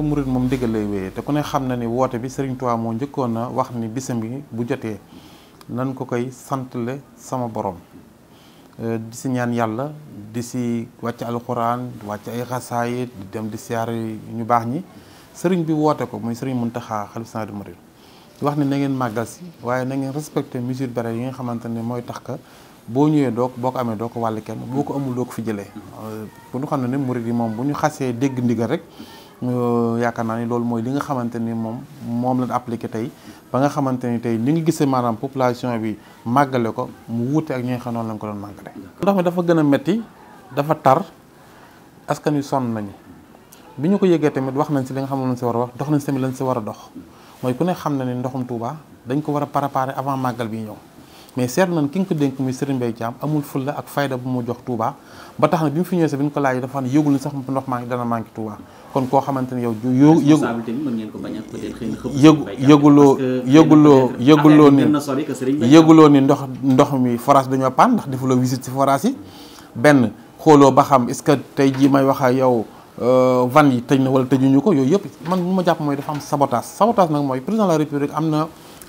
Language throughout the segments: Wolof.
nga murit moom ndigal lay wéyee te ku ne xam na ni woote bi Serigne Touba moo njëkkoon na wax ni bisam bi bu jotee nan ko koy santle sama borom euh, di si ñaan yàlla di si wàcc alxuraan wàcc ay xasaayit di dem di siyaar ñu baax ñi sëriñ bi woote ko muy sëriñ mun xalifa général des mourides wax ne na ngeen màggal si waaye nangeen ngeen respecté mesures yi nga xamante ne mooy tax ka boo ñëwee doo boo ko amee doo ko wàll kenn boo ko amul doo ko fi jëlee euh, bu ñu yaakaar naa ni loolu mooy li nga xamante ni moom moom la appliqué tey ba nga xamante ni tey li nga gisee maanaam population bi màggale ko mu wuute ak ñi nga xam lañ ko doon màggale. ndox mi dafa gën a métti dafa tar askan wi sonn nañu bi ñu ko yëgee tamit wax nañ si li nga xam ne lañ si war a wax dox nañ si tamit lañ si war a dox mooy ku ne xam ne ne ndoxum Touba dañ ko war a préparer avant màggal bi ñëw. mais seet nañ ki nga ko dénk muy Serigne Mbaye Thiam amul fulla ak fayda bu mu jox Touba ba tax na bi mu fi ñëwee sax bi ñu ko laajee dafa xam ne yëgul ni sax ndox maa ngi dana manqué Touba kon koo xamante ne yow yëgu yëgu yëguloo yëguloo yëguloo ni yëguloo ni ndox ndox mi forage dañoo paan ndax defuloo visite ci benn xooloo ba xam est-ce que tey jii may wax ak yow euh, van yi tëj na wala tëjuñu ko yooyu yëpp man mu ma jàpp mooy dafa am sabotage sabotage nag mooy président la république am na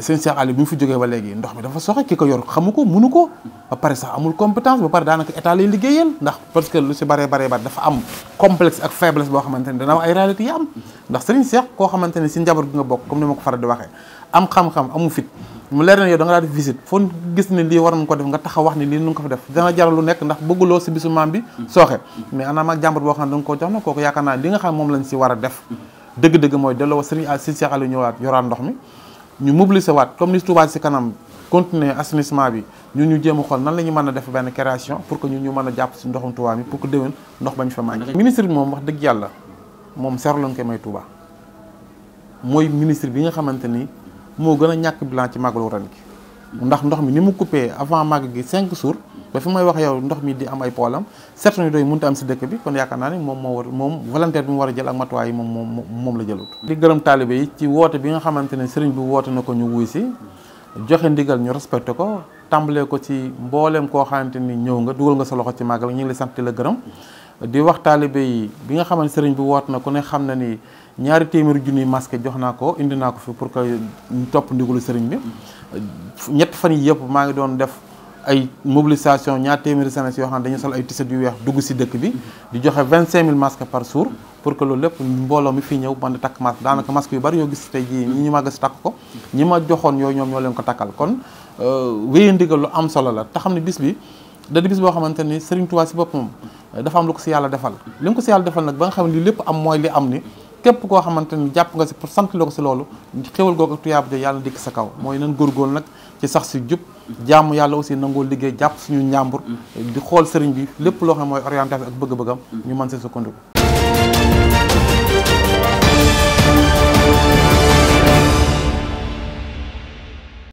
seen Cheikh Ali bi fi joge ba legi ndox mi dafa soxé kiko yor xamuko munuko ba paré sax amul compétence ba paré danaka état lay liggéeyal ndax parce que lu ci bare bare bare dafa am complexe ak faiblesse bo xamanteni dana ay réalité yi am ndax Serigne Cheikh ko xamanteni ci njabar gu nga bok comme ni ma ko faral di waxé am xam-xam amu fit mu leer na yow da nga la visite foo gis ni li war nañ ko def nga taxaw wax ni li nu ko fa def dana jaral lu nekk ndax lo ci bisu mam bi soxé mais ana ma jambar bo xam ne ko nga koo jox na li nga xam mom lañ ci wara def deug deug moy delo Serigne Cheikh Ali ñëwaat yoran ndox mi ñu mobiliser wat comme ni Touba si kanam continuer assainissement bi ñu ñu jéem a xool nan la ñu mën a def benn création pour que ñun ñu mën a jàpp ci ndoxum Touba mi pour que déwén ndox bañ fa manqué. ministre bi moom wax dëgg yàlla moom seer lañ koy may Touba mooy ministre bi nga xamante ni moo gën a ñàkk bilan ci màggalu ren gi. ndax ndox mi ni mu coupé avant màgg gi cinq jours. ba fi may wax yow ndox mi di am ay problème certaine doy mënut a am si dëkk bi kon yaakaar naa ne moom moo war moom volontaire bi mu war a jël ak matuwaay yi moom la jëlut di gërëm taalibe yi ci woote bi nga xamante ne sëriñ bi woote na ko ñu wuy si joxe ndigal ñu respecté ko tàmbalee ko ci mbooleem koo xamante ni ñëw nga dugal nga sa loxo ci màggal ñu ngi lay sant la gërëm di wax taalibe bi nga xamante sëriñ bi woote na ku ne xam na ni ñaari téeméeri junniy masque jox naa ko indi naa ko fi pour que topp ndigalu sëriñ bi ñett fan yi yëpp maa ngi doon def ay mobilisation ñaar téeméeri Sénégalais yoo xam ne dañu sol ay tiset yu weex dugg si dëkk bi di joxe vingt cinq mille masques par jour pour que loolu lépp mbooloo mi fii ñëw mën a takk masque daanaka masque yu bari yoo gis tey ñi ñu màgg si takk ko ñi ma joxoon yooyu ñoom ñoo leen ko takkal kon euh, wéye ndigal lu am solo la te xam ne bis bi da bis boo xamante ni Serigne Touba si boppam dafa am lu ko si yàlla defal li nga ko si yàlla defal nag ba nga xam ne lépp am mooy li képp koo xamante ni jàpp nga si pour sant loo ko si loolu xéwal googu ak tuyaab yàlla dikk sa kaw mooy nan góorgóorlu nag ci sax si jub jàmm yàlla aussi nangoo liggéey jàpp suñu njàmbur di xool sëriñ bi lépp loo xam mooy orientation ak bëgg-bëggam ñu mën si sukkandiku